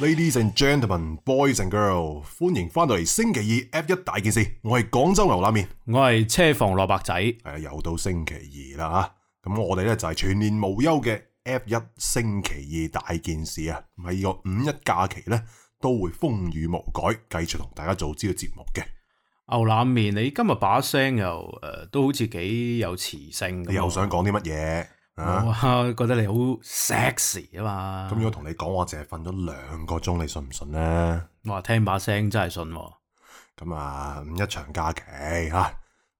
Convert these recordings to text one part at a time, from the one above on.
Ladies and gentlemen, boys and girls，歡迎翻到嚟，星期二 F 一大件事，我係廣州牛腩麵，我係車房蘿蔔仔，又到星期二啦吓，咁我哋咧，就係全年無休嘅 F 一星期二大件事啊，咪個五一假期咧，都會風雨無改，繼續同大家做呢個節目嘅。牛腩麵，你今日把聲又誒、呃，都好似幾有磁性，你又想講啲乜嘢？哇，我覺得你好 sexy 啊嘛！咁如果同你講我淨係瞓咗兩個鐘，你信唔信咧？哇，聽把聲真係信。咁啊，五、嗯、一長假期吓，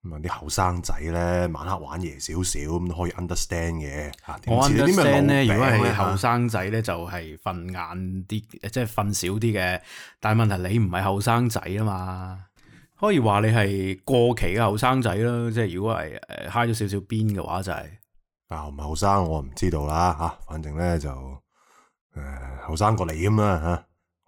咁啊啲後生仔咧，晚黑玩夜少少，咁可以 understand 嘅吓。我 understand 咧，如果係後生仔咧，啊、就係瞓晏啲，即係瞓少啲嘅。但係問題你唔係後生仔啊嘛，可以話你係過期嘅後生仔啦。即係如果係誒嗨咗少少邊嘅話，就是，就係。但唔後生，我唔知道啦、啊、反正咧就誒後生過嚟啦吓，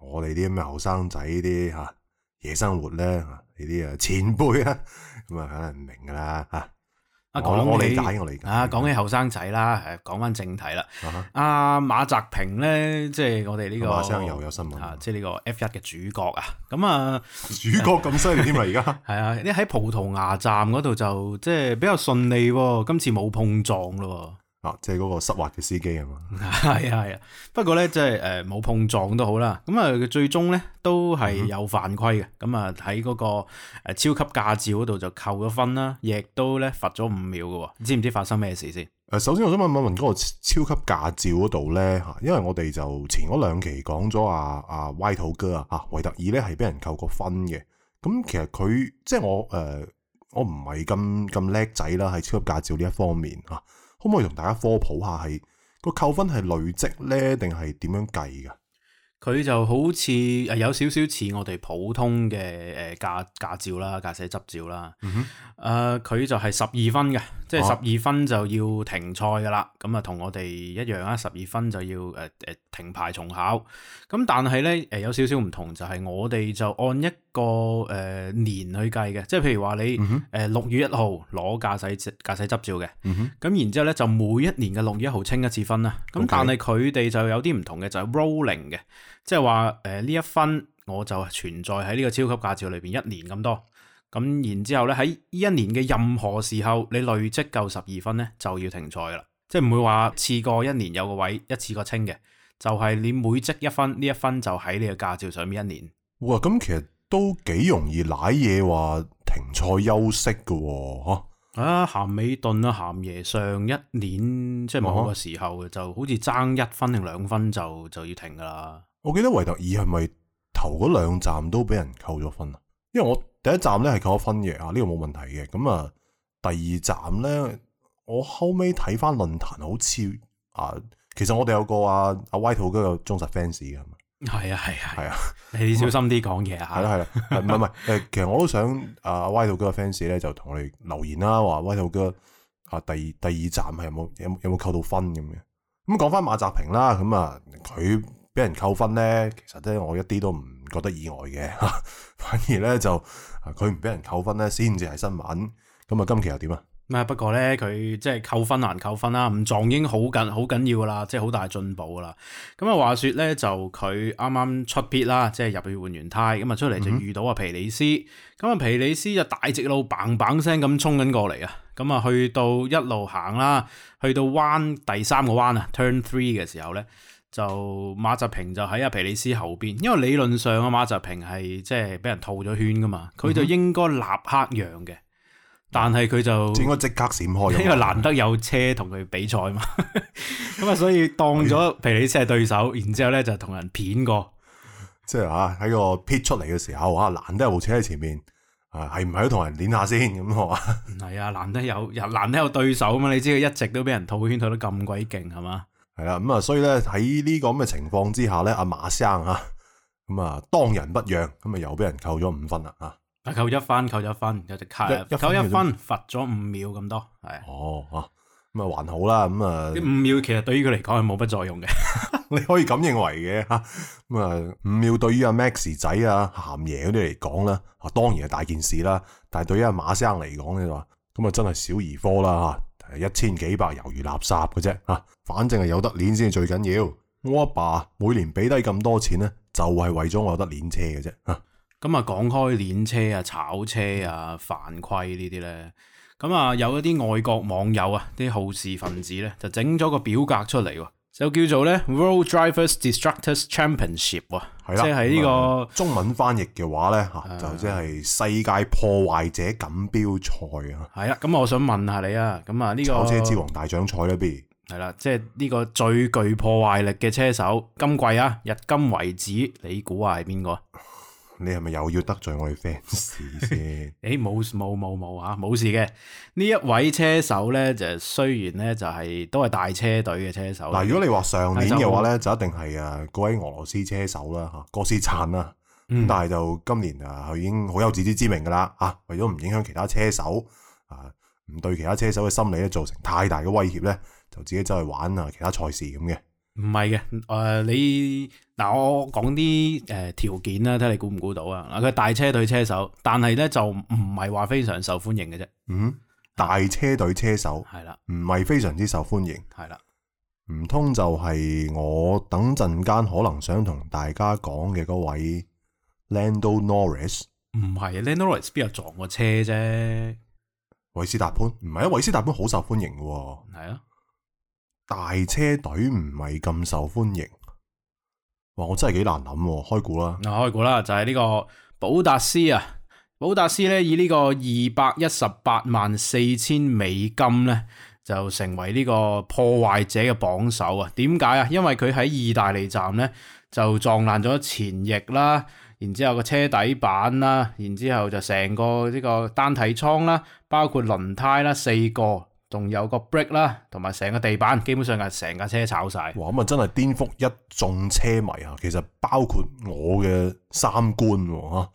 我哋啲咩後生仔啲吓夜生活咧，呢啲啊前輩、啊啊、啦，咁啊肯定唔明噶啦吓。啊，講起我我啊，講起後生仔啦，誒，講翻正題啦。阿、huh. 啊、馬澤平咧，即係我哋呢、這個，馬生又有，有新聞、啊、即係呢個 F 一嘅主角啊。咁啊，主角咁犀利添啊，而家係啊，你喺葡萄牙站嗰度就即係比較順利，今次冇碰撞咯。啊，即係嗰個濕滑嘅司機啊嘛，係啊係啊，不過咧即係誒冇碰撞也好都好啦，咁佢最終咧都係有犯規嘅，咁啊喺嗰個誒超級駕照嗰度就扣咗分啦，亦都咧罰咗五秒嘅，你知唔知發生咩事先？誒、呃，首先我想問問問嗰個超級駕照嗰度咧吓，因為我哋就前嗰兩期講咗啊，阿歪土哥啊，維、啊、特爾咧係俾人扣過分嘅，咁其實佢即係我誒、呃、我唔係咁咁叻仔啦，喺超級駕照呢一方面吓。啊可唔可以同大家科普下，係、個扣分係累積咧，定係點樣計嘅？佢就好似誒，有少少似我哋普通嘅誒駕駕照啦，駕駛執照啦。誒、mm，佢、hmm。呃、就係十二分嘅，即係十二分就要停賽噶啦。咁啊，同我哋一樣啦，十二分就要誒誒、呃、停牌重考。咁但係咧，誒有少少唔同就係、是、我哋就按一個誒、呃、年去計嘅，即係譬如話你誒六、mm hmm。呃、月一號攞駕駛執駕駛執照嘅，咁、mm hmm. 然之後咧就每一年嘅六月一號清一次分啦。咁但係佢哋就有啲唔同嘅，就係、是、rolling 嘅。即係話誒呢一分我就存在喺呢個超級駕照裏邊一年咁多，咁然之後咧喺呢一年嘅任何時候你累積夠十二分咧就要停賽噶啦，即係唔會話次過一年有個位一次過清嘅，就係、是、你每積一分呢一分就喺呢個駕照上面一年。哇，咁其實都幾容易瀨嘢話停賽休息噶吓、啊。啊，鹹美頓啦，鹹爺上一年即係冇個時候、啊、就好似爭一分定兩分就就要停噶啦。我記得維特爾係咪頭嗰兩站都俾人扣咗分啊？因為我第一站咧係扣咗分嘅，呢、啊這個冇問題嘅。咁啊，第二站咧，我後尾睇翻論壇，好似啊，其實我哋有個啊，阿、啊、歪兔哥嘅忠實 fans 嘅，係啊係啊係啊，啊啊啊你小心啲講嘢啊。係啦係啦，唔係唔係，誒，其實我都想阿歪、啊、兔哥 fans 咧就同我哋留言啦，話歪兔哥啊，第二第二站係有冇有有冇扣到分咁嘅？咁講翻馬澤平啦，咁啊佢。俾人扣分咧，其實咧我一啲都唔覺得意外嘅，反而咧就佢唔俾人扣分咧先至係新聞。咁啊，今期又點啊？啊，不過咧佢即係扣分難扣分啦，唔撞已經好緊好緊要噶啦，即係好大進步噶啦。咁啊，話說咧就佢啱啱出撇啦，即係入去換完胎，咁啊出嚟就遇到阿皮里斯，咁啊、嗯、皮里斯就大直路棒棒聲咁衝緊過嚟啊！咁啊去到一路行啦，去到彎第三個彎啊，Turn Three 嘅時候咧。就馬澤平就喺阿佩雷斯後邊，因為理論上阿馬澤平係即係俾人套咗圈噶嘛，佢就應該立刻讓嘅，但係佢就應該即刻閃開，因為難得有車同佢比賽嘛，咁啊所以當咗佩雷斯係對手，然之後咧就同人騙過，即係啊喺個撇出嚟嘅時候啊，難得有部車喺前面啊，係唔係都同人碾下先咁啊？係啊，難得有又難得有對手啊嘛，你知佢一直都俾人套圈套得咁鬼勁係嘛？係啦，咁啊，所以咧喺呢個咁嘅情況之下咧，阿馬生啊，咁啊當仁不讓，咁啊又俾人扣咗五分啦啊！啊扣一分，扣一分，有隻卡，扣一分，罰咗五秒咁多，係哦，咁啊還好啦，咁啊五秒其實對於佢嚟講係冇乜作用嘅， 你可以咁認為嘅吓，咁啊五秒對於阿 Max 仔啊咸爺嗰啲嚟講咧，當然係大件事啦，但係對於阿馬生嚟講嘅話，咁啊真係小兒科啦吓。一千幾百猶如垃圾嘅啫，吓，反正係有得練先最緊要的。我阿爸，爸每年俾低咁多錢咧，就係、是、為咗我有得練車嘅啫。吓，咁啊講開練車啊、炒車啊、犯規呢啲咧，咁啊有一啲外國網友啊，啲好事分子咧，就整咗個表格出嚟。就叫做咧 World Drivers Destructors Championship，是的即係呢、這個、嗯、中文翻譯嘅話咧，是的就即係世界破壞者錦標賽啊。係啦，咁我想問下你啊，咁啊呢個跑車之王大獎賽嗰邊係啦，即係呢個最具破壞力嘅車手，今季啊，至今為止，你估下係邊個？你係咪又要得罪我哋 fans 先？誒冇冇冇冇嚇冇事嘅。呢一位車手咧，就雖然咧就係、是、都係大車隊嘅車手。嗱，如果你說的話上年嘅話咧，是就，就一定係誒嗰位俄羅斯車手啦，哈、啊，哥斯產啦。咁但係就今年啊，佢已經好有自知之明噶啦，嚇、嗯啊，為咗唔影響其他車手啊，唔對其他車手嘅心理咧造成太大嘅威脅咧，就自己走去玩啊其他賽事咁嘅。唔係嘅，誒、呃，你嗱我講啲誒條件啦，睇你估唔估到啊？嗱，佢大車隊車手，但係咧就唔係話非常受歡迎嘅啫。嗯，大車隊車手係啦，唔係的非常之受歡迎。係啦的，唔通就係我等陣間可能想同大家講嘅嗰位 Lando Norris？唔係，Lando Norris 邊有撞過車啫？韋斯達潘唔係啊，韋斯達潘好受歡迎嘅喎、哦。係啊。大車隊唔係咁受歡迎，哇！我真係幾難諗，開估啦。嗱、啊，開估啦，就係、是、呢個寶達斯啊。寶達斯咧以呢個二百一十八萬四千美金咧，就成為呢個破壞者嘅榜首啊。點解啊？因為佢喺意大利站咧就撞爛咗前翼啦，然之後個車底板啦，然之後就成個呢個單體倉啦，包括輪胎啦，四個。仲有個 brake 啦，同埋成個地板，基本上係成架車炒晒。哇！咁啊，真係顛覆一眾車迷啊！其實包括我嘅三觀喎、啊、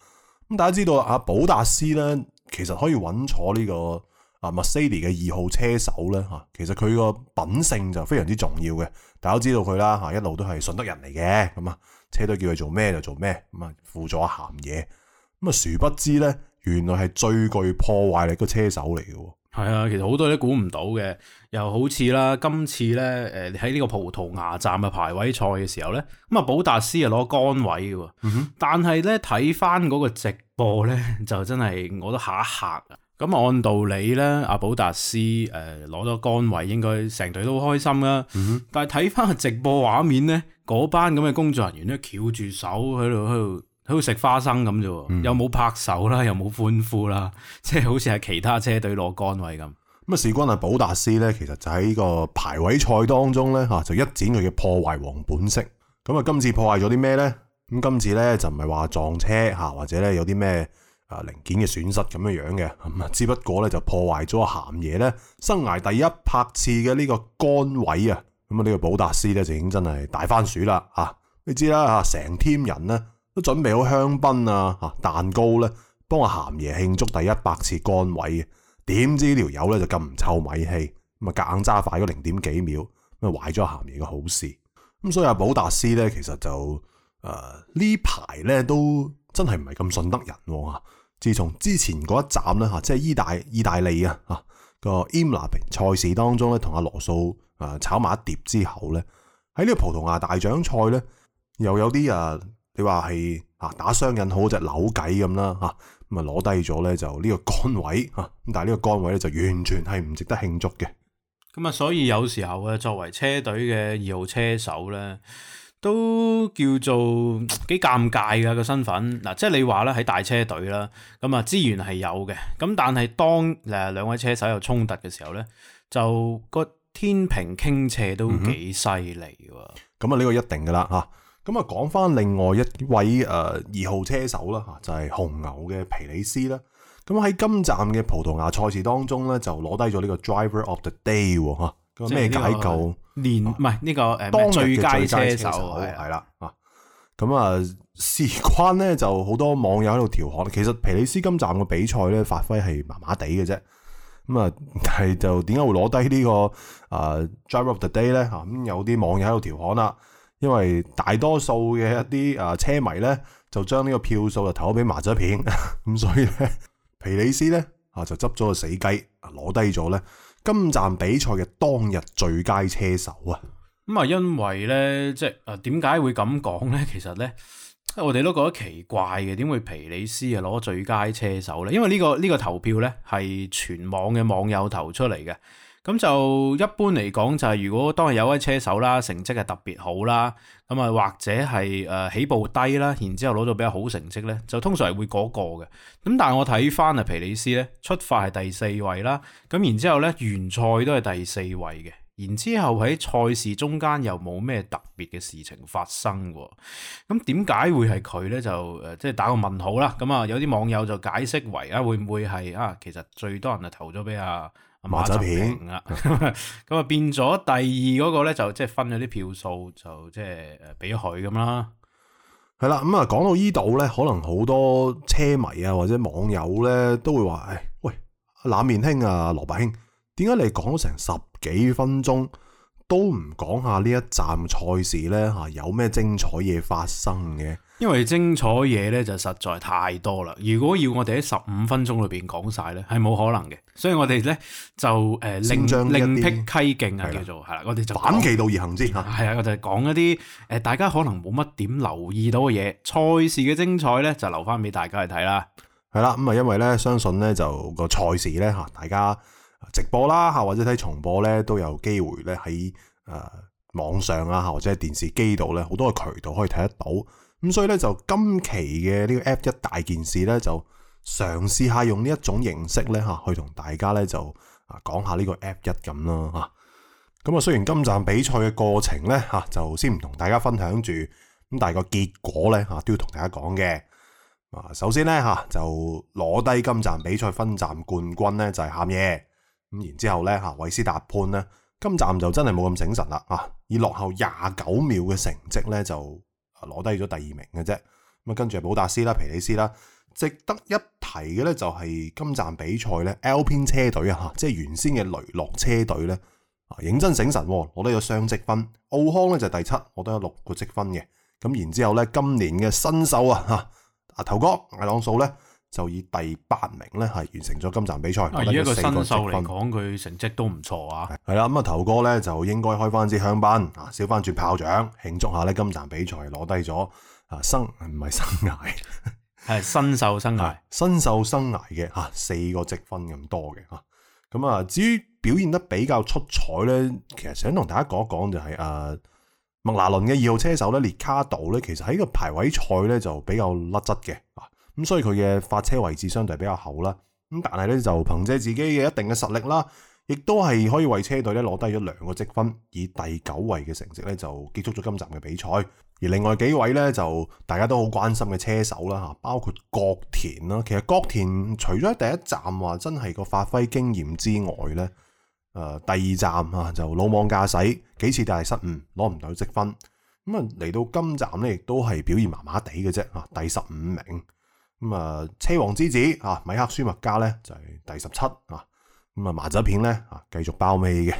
咁大家知道阿、啊、寶達斯咧，其實可以穩坐呢、這個阿麥斯尼嘅二號車手咧嚇、啊。其實佢個品性就非常之重要嘅。大家都知道佢啦嚇、啊，一路都係順德人嚟嘅。咁啊，車隊叫佢做咩就做咩，咁啊，輔助鹹嘢。咁啊，殊不知咧，原來係最具破壞力嘅車手嚟嘅、啊。係啊，其實好多嘢,都估唔到嘅，又好似啦，今次咧，誒喺呢個葡萄牙站嘅排位賽嘅時候咧，咁啊，保達斯啊攞杆位嘅喎，嗯、哼但係咧睇翻嗰個直播咧，就真係我都嚇一嚇啊！咁按道理咧，阿保達斯攞咗杆位應該成隊都好開心啦，嗯、哼但係睇翻個直播畫面咧，嗰班咁嘅工作人員咧翹住手喺度喺度。好似食花生咁啫，又冇拍手啦，又冇歡呼啦，即係好似係其他車隊攞杆位咁。咁啊、嗯，事關係保達斯咧，其實就喺個排位賽當中咧，吓就一展佢嘅破壞王本色。咁啊，今次破壞咗啲咩咧？咁今次咧就唔係話撞車吓，或者咧有啲咩啊零件嘅損失咁樣樣嘅。咁啊，只不過咧就破壞咗咸爺咧生涯第一拍次嘅呢個杆位啊。咁啊，呢個保達斯咧就已經真係大番薯啦吓。你知啦吓，成添人咧。都準備好香檳啊！嚇蛋糕咧，幫阿、啊、咸爺慶祝第一百次冠位嘅。點知條友咧就咁唔湊米氣，咁啊夾硬揸快咗零點幾秒，咁啊壞咗咸爺嘅好事。咁所以阿、啊、保達斯咧，其實就誒、呃、呢排咧都真係唔係咁順得人嚇、啊。自從之前嗰一站咧嚇，即係意大意大利啊，啊、嗰個 e m n 平賽事當中咧，同阿、啊、羅素誒、啊、炒埋一碟之後咧，喺呢個葡萄牙大獎賽咧，又有啲啊～你話係啊，打雙引號就扭計咁啦嚇，咁啊攞低咗咧就呢個杆位嚇，咁但係呢個杆位咧就完全係唔值得慶祝嘅。咁啊，所以有時候啊，作為車隊嘅二號車手咧，都叫做幾尷尬㗎、嗰個身份。嗱，即係你話咧喺大車隊啦，咁啊資源係有嘅，咁但係當誒兩位車手有衝突嘅時候咧，就個天平傾斜都幾犀利喎。咁啊、嗯，呢個一定㗎啦嚇。咁啊，講翻另外一位誒二號車手啦，吓就係、是、紅牛嘅皮里斯啦。咁喺今站嘅葡萄牙賽事當中咧，就攞低咗呢個 Driver of the Day 吓、這個，咩解構？連唔係呢個誒、呃、當最佳車手係啦，吓咁啊，事關咧就好多網友喺度調侃。其實皮里斯今站嘅比賽咧發揮係麻麻地嘅啫，咁啊，但係就點解會攞低呢個誒 Driver of the Day 咧？吓咁有啲網友喺度調侃啦。因為大多數嘅一啲啊車迷呢，就將呢個票數就投咗俾馬澤平，咁所以呢，皮里斯呢，啊就執咗個死雞，攞低咗呢今站比賽嘅當日最佳車手啊！咁啊，因為呢，即係點解會咁講呢？其實呢，我哋都覺得奇怪嘅，點會皮里斯啊攞最佳車手呢？因為呢、呢個呢、呢個投票呢，係全網嘅網友投出嚟嘅。咁就一般嚟講，就係如果當係有位車手啦，成績係特別好啦，咁啊或者係誒起步低啦，然之後攞到比較好成績咧，就通常係會嗰個嘅。咁但係我睇翻啊佩雷斯咧，出發係第四位啦，咁然之後咧，完賽都係第四位嘅，然之後喺賽事中間又冇咩特別嘅事情發生喎。咁點解會係佢咧？就誒即係、就係、打個問號啦。咁啊有啲網友就解釋為啊，會唔會係啊其實最多人啊投咗俾啊？馬澤平啦，咁啊 變咗第二嗰、那個咧就即係分咗啲票數，就即係誒俾佢咁啦。係啦，咁啊講到呢度咧，可能好多車迷啊或者網友咧都會話，誒、欸、喂，冷面兄啊，羅伯兄，點解你講成十幾分鐘都唔講下呢一站賽事咧？吓，有咩精彩嘢發生嘅？因為精彩嘢咧就實在太多啦，如果要我哋喺十五分鐘裏邊講晒咧，係冇可能嘅，所以我哋咧就誒另、呃、另辟蹊徑啊，叫做係啦的，我哋就反其道而行之。吓，係啊，我哋係講一啲誒大家可能冇乜點留意到嘅嘢，賽事嘅精彩咧就留翻俾大家去睇啦。係啦，咁啊，因為咧相信咧就個賽事咧吓，大家直播啦吓，或者睇重播咧都有機會咧喺誒網上啊或者係電視機度咧好多嘅渠道可以睇得到。咁所以咧就今期嘅呢個 F1 大件事咧，就嘗試下用呢一種形式咧吓，去同大家咧就啊講下呢個 F1 咁啦吓。咁啊雖然今站比賽嘅過程咧吓，就先唔同大家分享住，咁但係個結果咧吓都要同大家講嘅。啊，首先咧吓就攞低今站比賽分站冠軍咧就係喊嘢。咁然之後咧吓，韋斯達潘咧今站就真係冇咁醒神啦啊，以落後廿九秒嘅成績咧就攞低咗第二名嘅啫，咁啊跟住係保達斯啦、皮里斯啦，值得一提嘅咧就係今站比賽咧，LP 車隊啊嚇，即係原先嘅雷諾車隊咧，啊認真醒神，我都有雙積分，奧康咧就係第七，我都有六個積分嘅，咁然之後咧今年嘅新秀啊嚇，阿頭哥艾朗素咧，就以第八名咧，係完成咗今站比賽攞、啊、一個新秀嚟講佢成績都唔錯啊！係啦，咁啊，頭哥咧就應該開翻支香檳啊，燒翻串炮仗慶祝下咧。今站比賽攞低咗啊，生唔係生涯係 新秀生涯，新秀生涯嘅吓、啊、四個積分咁多嘅吓。咁啊，至於表現得比較出彩咧，其實想同大家講一講就係啊麥拿倫嘅二號車手咧，列卡度咧，其實喺個排位賽咧就比較甩質嘅啊。咁所以佢嘅發車位置相對比較後啦，咁但係咧就憑藉自己嘅一定嘅實力啦，亦都係可以為車隊咧攞低咗兩個積分，以第九位嘅成績咧就結束咗今站嘅比賽。而另外幾位咧就大家都好關心嘅車手啦嚇，包括角田啦。其實角田除咗喺第一站話真係個發揮經驗之外咧，誒第二站啊就魯莽駕駛幾次都係失誤，攞唔到積分。咁啊嚟到今站咧亦都係表現麻麻地嘅啫嚇，第十五名。咁啊、嗯，車王之子啊，米克舒麥加咧就係、是、第十七啊，咁、嗯、啊馬澤平咧啊繼續包尾嘅。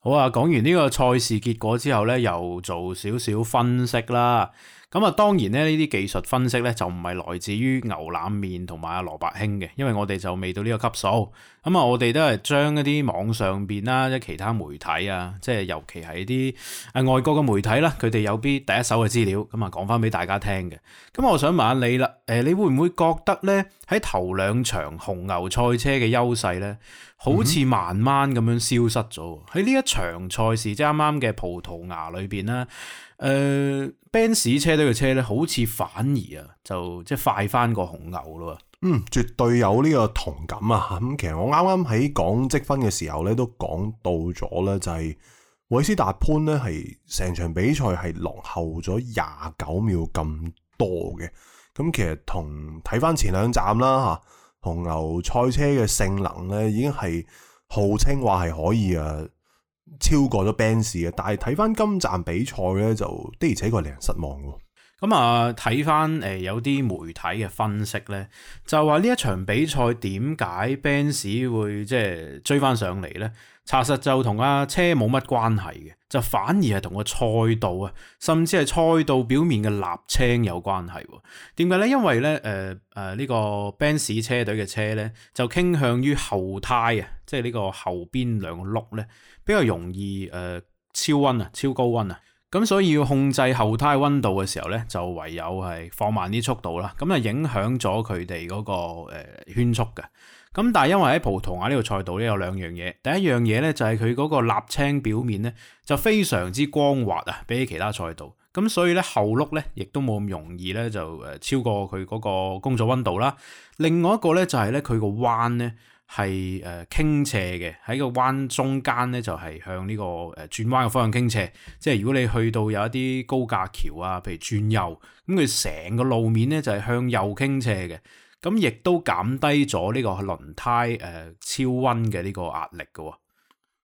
好啊，講完呢個賽事結果之後咧，又做少少分析啦。咁啊，當然咧，呢啲技術分析咧就唔係來自於牛腩麵同埋阿羅伯興嘅，因為我哋就未到呢個級數。咁啊，我哋都係將一啲網上邊啦，即其他媒體啊，即係尤其係啲外國嘅媒體啦，佢哋有啲第一手嘅資料，咁啊講翻俾大家聽嘅。咁我想問下你啦，誒，你會唔會覺得咧喺頭兩場紅牛賽車嘅優勢咧，好似慢慢咁樣消失咗？喺呢、嗯、一場賽事，即係啱啱嘅葡萄牙裏邊啦。誒，奔士車隊嘅車咧，好似反而啊，剛剛即就即係快翻過紅牛咯。嗯，絕對有呢個同感啊。咁其實我啱啱喺講積分嘅時候咧，都講到咗咧，就係韋斯達潘咧係成場比賽係落後咗廿九秒咁多嘅。咁其實同睇翻前兩站啦，吓紅牛賽車嘅性能咧，已經係號稱話係可以啊。超過咗 Ben 士嘅，但係睇翻今站比賽咧，就的而且確令人失望嘅。咁啊，睇翻誒有啲媒體嘅分析咧，就話呢一場比賽點解 Ben 士會即係追翻上嚟咧？查實就同阿、啊、車冇乜關係嘅，就反而係同個賽道啊，甚至係賽道表面嘅瀝青有關係。點解咧？因為咧，誒誒呢個 Ben 士車隊嘅車咧，就傾向於後胎啊，即係呢個後邊兩個碌咧。比較容易誒、呃、超溫啊、超高溫啊，咁所以要控制後胎溫度嘅時候呢，就唯有係放慢啲速度啦。咁啊影響咗佢哋嗰個、呃、圈速嘅。咁但係因為喺葡萄牙呢個賽道呢，有兩樣嘢，第一樣嘢呢，就係佢嗰個瀝青表面呢，就非常之光滑啊，比起其他賽道。咁所以呢，後轆呢，亦都冇咁容易呢，就誒超過佢嗰個工作溫度啦。另外一個呢，就係呢，佢個彎呢。係誒、呃、傾斜嘅，喺個彎中間咧就係、是、向呢、這個誒、呃、轉彎嘅方向傾斜。即係如果你去到有一啲高架橋啊，譬如轉右，咁佢成個路面咧就係、是、向右傾斜嘅。咁亦都減低咗呢個輪胎誒、呃、超温嘅呢個壓力嘅。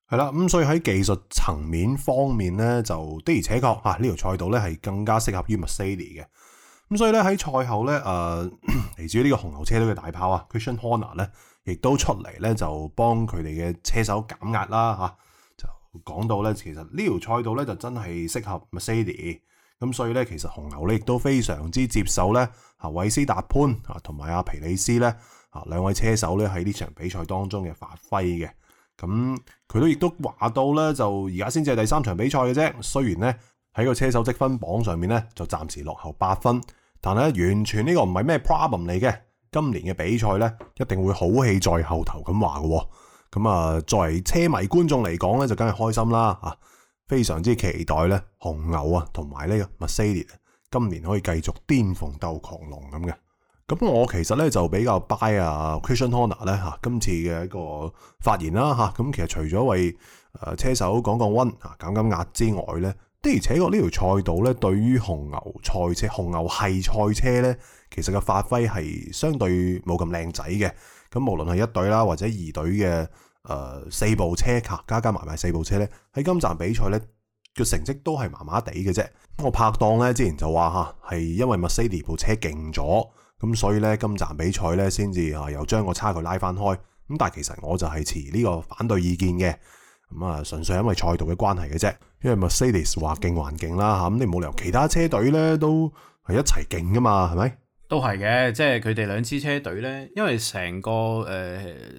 係啦，咁所以喺技術層面方面咧，就的而且確啊，呢、這、條、個、賽道咧係更加適合於 McLaren 嘅。咁所以咧喺賽後咧，誒嚟自於呢個紅牛車隊嘅大炮啊 Christian Horner 咧。亦都出嚟咧，就幫佢哋嘅車手減壓啦、啊、就講到咧，其實呢條賽道咧就真係適合 Mercedes 咁所以咧，其實紅牛咧亦都非常之接受咧，啊韋斯達潘啊同埋阿皮里斯咧啊兩位車手咧喺呢場比賽當中嘅發揮嘅，咁佢都亦都話到咧，就而家先至係第三場比賽嘅啫，雖然咧喺個車手積分榜上面咧就暫時落後八分，但係完全呢個唔係咩 problem 嚟嘅。今年嘅比賽咧，一定會好戲在後頭咁話嘅喎。咁啊，作為車迷觀眾嚟講咧，就梗係開心啦啊！非常之期待咧，紅牛啊同埋呢個麥斯聯今年可以繼續巔峯鬥狂龍咁嘅。咁我其實咧就比較 buy 啊，Christian Horner 咧嚇，今次嘅一個發言啦嚇。咁其實除咗為誒車手降降溫啊、減減壓之外咧。即而且個呢條賽道咧，對於紅牛賽車、紅牛系賽車咧，其實嘅發揮係相對冇咁靚仔嘅。咁無論係一隊啦，或者二隊嘅誒、呃、四部車卡加加埋埋四部車咧，喺今站比賽咧嘅成績都係麻麻地嘅啫。我拍檔咧之前就話嚇，係因為 Mercedes 部車勁咗，咁所以咧今站比賽咧先至啊又將個差距拉翻開。咁但係其實我就係持呢個反對意見嘅。咁啊，純粹因為賽道嘅關係嘅啫，因為 Mercedes 話勁環境啦吓，咁你冇理由其他車隊咧都係一齊勁噶嘛，係咪？都係嘅，即係佢哋兩支車隊咧，因為成個誒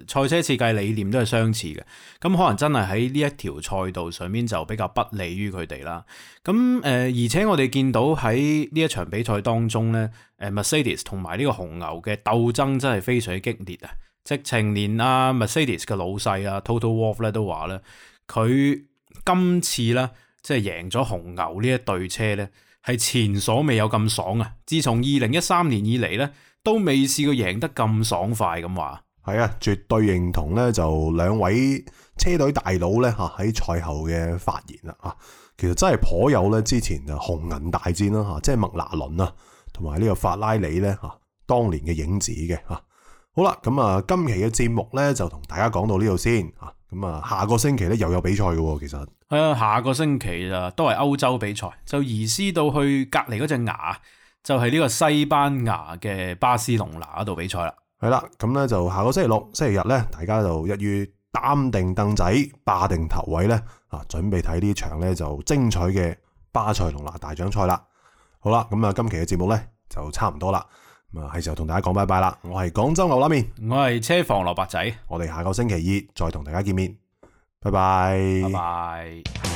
賽車設計理念都係相似嘅，咁可能真係喺呢一條賽道上面就比較不利於佢哋啦。咁誒、呃，而且我哋見到喺呢一場比賽當中咧，誒 Mercedes 同埋呢個紅牛嘅鬥爭真係非常激烈啊！直情連啊，Mercedes 嘅老細啊，Toto Wolff 咧都話咧，佢今次咧即係贏咗紅牛這一對呢一隊車咧，係前所未有咁爽啊！自從二零一三年以嚟咧，都未試過贏得咁爽快咁話。係啊，絕對認同咧，就兩位車隊大佬咧嚇喺賽後嘅發言啦嚇、啊，其實真係頗有咧之前就紅銀大戰啦嚇、啊，即係麥拿倫啊，同埋呢個法拉利咧嚇、啊，當年嘅影子嘅嚇。啊。好啦，咁啊，今期嘅節目呢，就同大家講到呢度先吓，咁啊，下個星期呢，又有比賽嘅，其實係啊，下個星期啊都係歐洲比賽，就移師到去隔籬嗰隻牙，就係呢個西班牙嘅巴斯隆拿度比賽啦。係啦，咁呢，就下個星期六、星期日呢，大家就一於擔定凳仔、霸定頭位呢，啊，準備睇呢場呢，就精彩嘅巴塞隆拿大獎賽啦。好啦，咁啊，今期嘅節目呢，就差唔多啦。咁啊，係時候同大家講拜拜啦！我係廣州牛腩麵，我係車房蘿蔔仔，我哋下個星期二再同大家見面，拜拜，拜拜。